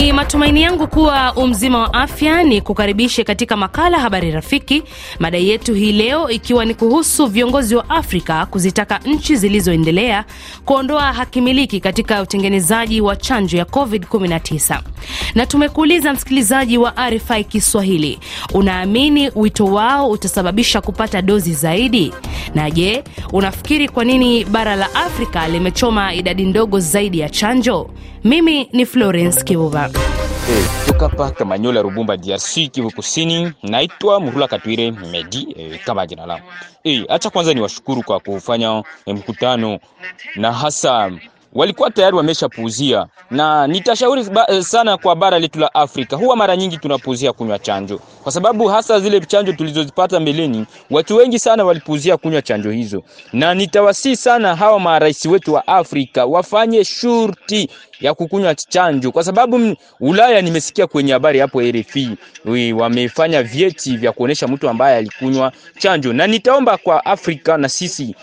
Ni matumaini yangu kuwa umzima wa afya. Ni kukaribishe katika makala Habari Rafiki, mada yetu hii leo ikiwa ni kuhusu viongozi wa Afrika kuzitaka nchi zilizoendelea kuondoa hakimiliki katika utengenezaji wa chanjo ya COVID-19. Na tumekuuliza msikilizaji wa RFI Kiswahili, unaamini wito wao utasababisha kupata dozi zaidi? Na je, unafikiri kwa nini bara la Afrika limechoma idadi ndogo zaidi ya chanjo? Mimi ni Florence Kivuva. Hey, eh, toka pa Kamanyola Rubumba DRC Kivu Kusini, naitwa Murula Katwire Medi eh, kama jina langu. Hey, eh, acha kwanza niwashukuru kwa kufanya eh, mkutano na hasa walikuwa tayari wameshapuuzia, na nitashauri eh, sana kwa bara letu la Afrika, huwa mara nyingi tunapuuzia kunywa chanjo, kwa sababu hasa zile chanjo tulizozipata mbeleni, watu wengi sana walipuuzia kunywa chanjo hizo, na nitawasii sana hawa marais wetu wa Afrika wafanye shurti ya kukunywa chanjo, kwa sababu Ulaya nimesikia kwenye habari hapo RFI wamefanya vyeti vya kuonesha mtu ambaye alikunywa chanjo, na nitaomba kwa Afrika na sisi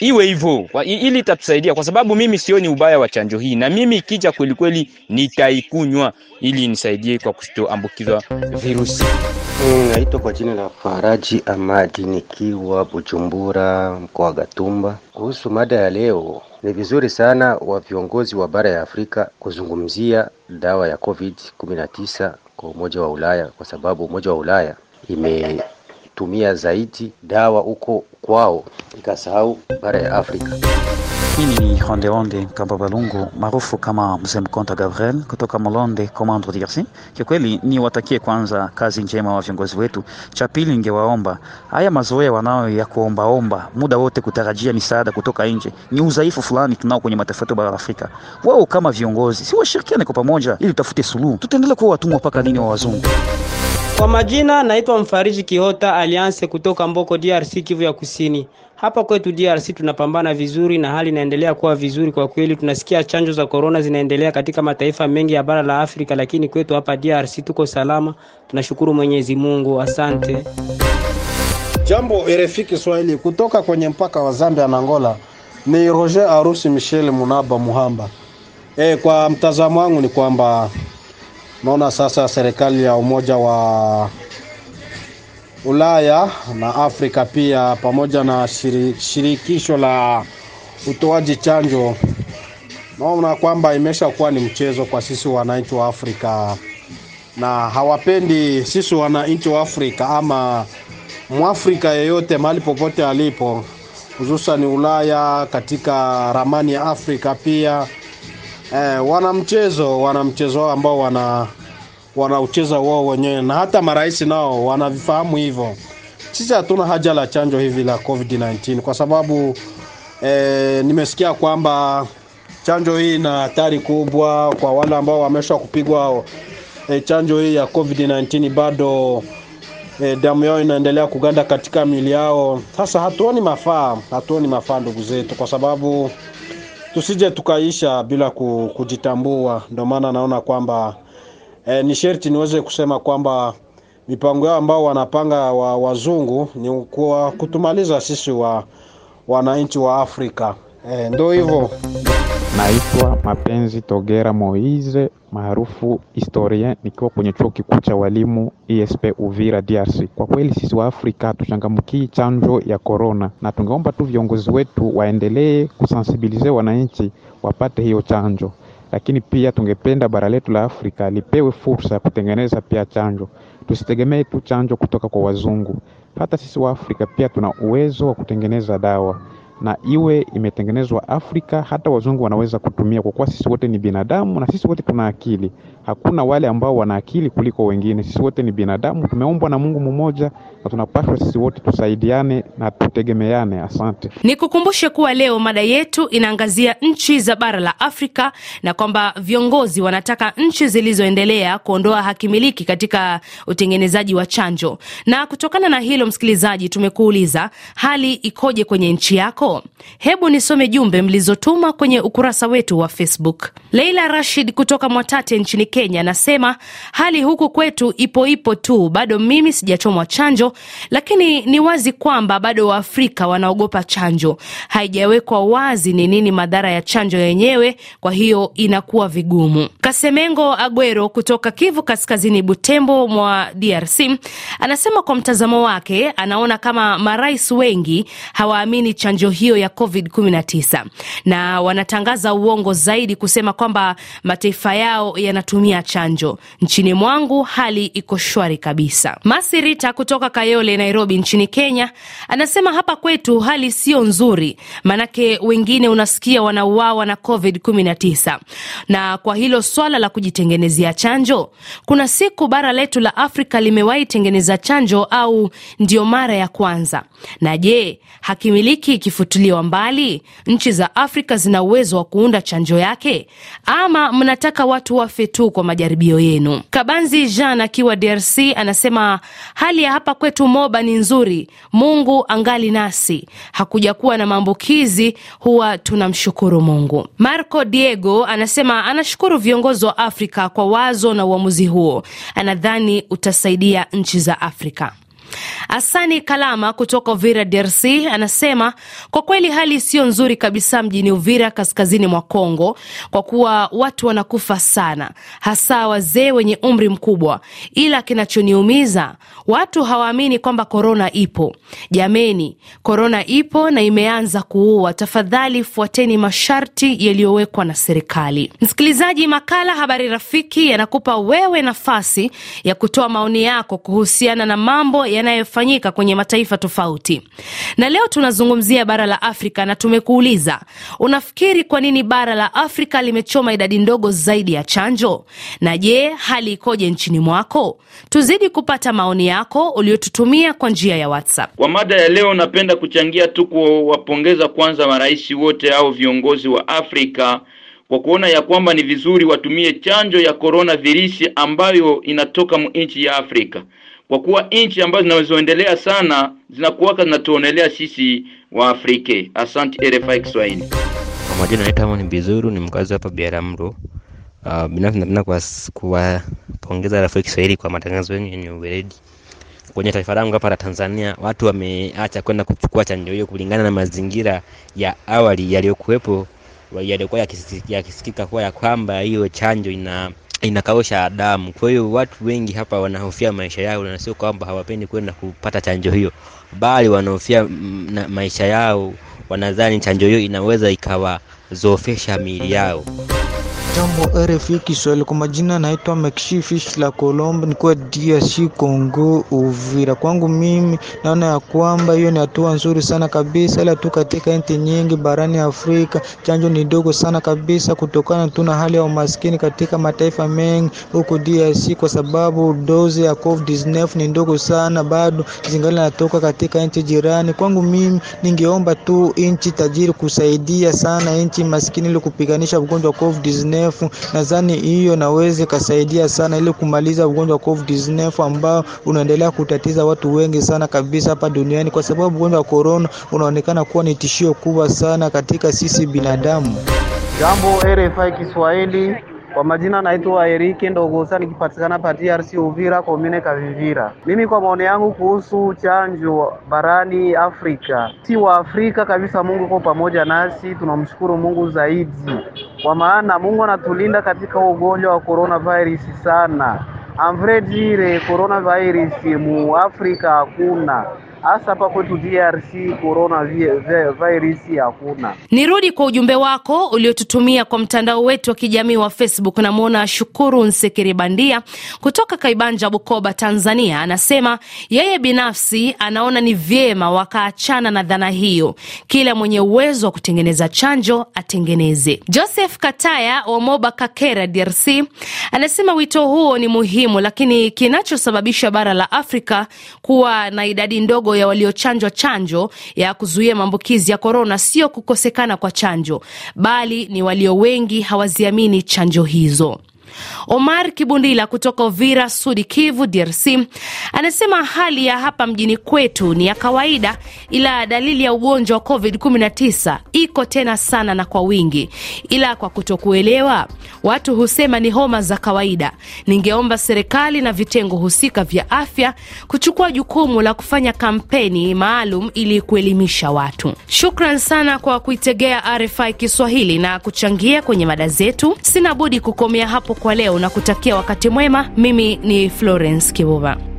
iwe hivyo, ili itatusaidia kwa sababu mimi sioni ubaya wa chanjo hii, na mimi ikija kweli kweli nitaikunywa ili nisaidie kwa kutoambukizwa virusi. Hmm, naitwa kwa jina la Faraji Amadi nikiwa Bujumbura mkoa wa Gatumba. Kuhusu mada ya leo, ni vizuri sana wa viongozi wa bara ya Afrika kuzungumzia dawa ya COVID-19 kwa Umoja wa Ulaya kwa sababu Umoja wa Ulaya ime tumia zaidi dawa huko kwao, ikasahau bara ya Afrika. Mimi ni Ronde Kamba Balungu maarufu kama Mzee Mkonta Gabriel kutoka Molonde Komando, DRC. Kikweli ni watakie kwanza kazi njema wa viongozi wetu. Cha pili, ningewaomba haya mazoea wanayo ya kuombaomba muda wote kutarajia misaada kutoka nje ni udhaifu fulani tunao kwenye mataifa yetu bara Afrika. Wao kama viongozi si washirikiane kwa pamoja ili tutafute suluhu, tutaendelea kuwa watumwa mpaka lini wa wazungu? Kwa majina naitwa Mfariji Kihota Alliance kutoka Mboko DRC Kivu ya Kusini. Hapa kwetu DRC tunapambana vizuri na hali inaendelea kuwa vizuri kwa kweli. Tunasikia chanjo za korona zinaendelea katika mataifa mengi ya bara la Afrika, lakini kwetu hapa DRC tuko salama, tunashukuru Mwenyezi Mungu. Asante. Jambo RFI Kiswahili, kutoka kwenye mpaka wa Zambia na Angola ni Roger Arusi Michel Munaba Muhamba. E, kwa mtazamo wangu ni kwamba Naona sasa serikali ya Umoja wa Ulaya na Afrika pia pamoja na shirikisho la utoaji chanjo, naona kwamba imeshakuwa ni mchezo kwa sisi wananchi wa Afrika, na hawapendi sisi wananchi wa Afrika ama Mwafrika yeyote mahali popote alipo, hususani Ulaya, katika ramani ya Afrika pia eh, wanamchezo wanamchezo wao ambao wana wanaucheza wao wenyewe, na hata marais nao wanavifahamu hivyo. Sisi hatuna haja la chanjo hivi la COVID-19 kwa sababu eh, nimesikia kwamba chanjo hii ina hatari kubwa kwa wale ambao wamesha kupigwa eh, chanjo hii ya COVID-19 bado eh, damu yao inaendelea kuganda katika miili yao. Sasa hatuoni mafaa, hatuoni mafaa ndugu zetu, kwa sababu tusije tukaisha bila kujitambua. Ndio maana naona kwamba e, ni sherti niweze kusema kwamba mipango yao ambao wanapanga wa wazungu ni kwa kutumaliza sisi wa wananchi wa Afrika. E, ndio hivyo. Naitwa Mapenzi Togera Moise maarufu historien, nikiwa kwenye chuo kikuu cha walimu ISP e Uvira, DRC. Kwa kweli sisi wa Afrika tuchangamkie chanjo ya korona, na tungeomba tu viongozi wetu waendelee kusensibilize wananchi wapate hiyo chanjo, lakini pia tungependa bara letu la Afrika lipewe fursa ya kutengeneza pia chanjo. Tusitegemee tu chanjo kutoka kwa wazungu, hata sisi wa Afrika pia tuna uwezo wa kutengeneza dawa na iwe imetengenezwa Afrika, hata wazungu wanaweza kutumia, kwa kuwa sisi wote ni binadamu na sisi wote tuna akili hakuna wale ambao wana akili kuliko wengine. Sisi wote ni binadamu, tumeumbwa na Mungu mmoja, na tunapaswa sisi wote tusaidiane na tutegemeane. Asante. Nikukumbushe kuwa leo mada yetu inaangazia nchi za bara la Afrika na kwamba viongozi wanataka nchi zilizoendelea kuondoa hakimiliki katika utengenezaji wa chanjo. Na kutokana na hilo, msikilizaji, tumekuuliza hali ikoje kwenye nchi yako? Hebu nisome jumbe mlizotuma kwenye ukurasa wetu wa Facebook. Leila Rashid kutoka Mwatate nchini Kenya anasema hali huku kwetu ipo ipo tu, bado mimi sijachomwa chanjo, lakini ni wazi kwamba bado Waafrika wanaogopa chanjo. Haijawekwa wazi ni nini madhara ya chanjo yenyewe, kwa hiyo inakuwa vigumu. Kasemengo Agwero kutoka Kivu Kaskazini, Butembo mwa DRC anasema kwa mtazamo wake anaona kama marais wengi hawaamini chanjo hiyo ya COVID-19 na wanatangaza uongo zaidi kusema kwamba mataifa yao yanatumia kuwania chanjo. Nchini mwangu hali iko shwari kabisa. Masirita kutoka Kayole, Nairobi nchini Kenya anasema hapa kwetu hali sio nzuri, maanake wengine unasikia wanauawa na Covid 19 na kwa hilo swala la kujitengenezea chanjo, kuna siku bara letu la Afrika limewahi tengeneza chanjo au ndio mara ya kwanza? Na je, hakimiliki ikifutuliwa mbali? Nchi za Afrika zina uwezo wa kuunda chanjo yake, ama mnataka watu wafe tu kwa majaribio yenu. Kabanzi Jean akiwa DRC anasema hali ya hapa kwetu Moba ni nzuri, Mungu angali nasi, hakuja kuwa na maambukizi, huwa tunamshukuru Mungu. Marco Diego anasema anashukuru viongozi wa Afrika kwa wazo na uamuzi huo, anadhani utasaidia nchi za Afrika. Asani Kalama kutoka Uvira, DRC, anasema kwa kweli hali isiyo nzuri kabisa mjini Uvira, kaskazini mwa Kongo, kwa kuwa watu wanakufa sana, hasa wazee wenye umri mkubwa. Ila kinachoniumiza watu hawaamini kwamba korona ipo. Jameni, korona ipo na imeanza kuua. Tafadhali fuateni masharti yaliyowekwa na serikali. Msikilizaji, makala Habari Rafiki yanakupa wewe nafasi ya kutoa maoni yako kuhusiana na mambo ya yanayofanyika kwenye mataifa tofauti. Na leo tunazungumzia bara la Afrika na tumekuuliza, unafikiri kwa nini bara la Afrika limechoma idadi ndogo zaidi ya chanjo? Na je, hali ikoje nchini mwako? Tuzidi kupata maoni yako uliotutumia kwa njia ya WhatsApp. Kwa mada ya leo, napenda kuchangia tu kuwapongeza kwanza marais wote au viongozi wa Afrika kwa kuona ya kwamba ni vizuri watumie chanjo ya korona virusi ambayo inatoka nchi ya Afrika kwa kuwa nchi ambazo zinazoendelea sana zinakuwaka zinatuonelea sisi wa Afrika. Asante RFI Kiswahili. Kwa majina naitwa Amani Bizuru, ni mkazi hapa Biaramlo. Uh, ah, binafsi napenda kuwapongeza RFI Kiswahili kwa matangazo yenu yenye uweledi kwenye taifa langu hapa la Tanzania. Watu wameacha kwenda kuchukua chanjo hiyo kulingana na mazingira ya awali yaliyokuwepo yaliyokuwa yakisikika kuwa ya kwamba hiyo chanjo ina inakausha damu. Kwa hiyo watu wengi hapa wanahofia maisha yao, na sio kwamba hawapendi kwenda kupata chanjo hiyo, bali wanahofia maisha yao, wanadhani chanjo hiyo inaweza ikawazoofesha miili yao. Jambo RFI Kiswahili, kwa majina naitwa Mekshi Fish la Colombe, nikuwa DRC Congo, Uvira. Kwangu mimi naona ya kwamba hiyo ni hatua nzuri sana kabisa, ila tu katika nchi nyingi barani Afrika chanjo ni dogo sana kabisa, kutokana tu na hali ya umaskini katika mataifa mengi huko DRC, kwa sababu dozi ya COVID-19 ni ndogo sana, bado zingali natoka katika nchi jirani. Kwangu mimi ningeomba tu nchi tajiri kusaidia sana nchi maskini ili kupiganisha ugonjwa wa COVID-19. COVID-19. Nadhani hiyo naweza ikasaidia sana ili kumaliza ugonjwa wa COVID-19 ambao unaendelea kutatiza watu wengi sana kabisa hapa duniani, kwa sababu ugonjwa wa corona unaonekana kuwa ni tishio kubwa sana katika sisi binadamu. Jambo RFI Kiswahili. Kwa majina naitwa Erike Ndogosa, nikipatikana pa TRC Uvira, komine Kavivira. Mimi kwa maoni yangu kuhusu chanjo barani Afrika, si wa Afrika kabisa, Mungu uko pamoja nasi, tunamshukuru Mungu zaidi, kwa maana Mungu anatulinda katika ugonjwa wa coronavirus sana. Amvredire coronavirus mu Afrika hakuna hasa hapa kwetu DRC corona virus hakuna. Nirudi kwa ujumbe wako uliotutumia kwa mtandao wetu wa kijamii wa Facebook. Namwona Shukuru Nsekere Bandia kutoka Kaibanja, Bukoba, Tanzania, anasema yeye binafsi anaona ni vyema wakaachana na dhana hiyo, kila mwenye uwezo wa kutengeneza chanjo atengeneze. Joseph Kataya wa Moba Kakera, DRC, anasema wito huo ni muhimu, lakini kinachosababisha bara la Afrika kuwa na idadi ndogo ndogo ya waliochanjwa chanjo ya kuzuia maambukizi ya korona sio kukosekana kwa chanjo, bali ni walio wengi hawaziamini chanjo hizo. Omar Kibundila kutoka Uvira, Sud Kivu, DRC, anasema hali ya hapa mjini kwetu ni ya kawaida, ila dalili ya ugonjwa wa COVID-19 iko tena sana na kwa wingi, ila kwa kutokuelewa watu husema ni homa za kawaida. Ningeomba serikali na vitengo husika vya afya kuchukua jukumu la kufanya kampeni maalum ili kuelimisha watu. Shukran sana kwa kuitegea RFI Kiswahili na kuchangia kwenye mada zetu. Sina budi kukomea hapo kwa leo na kutakia wakati mwema. Mimi ni Florence Kibuba.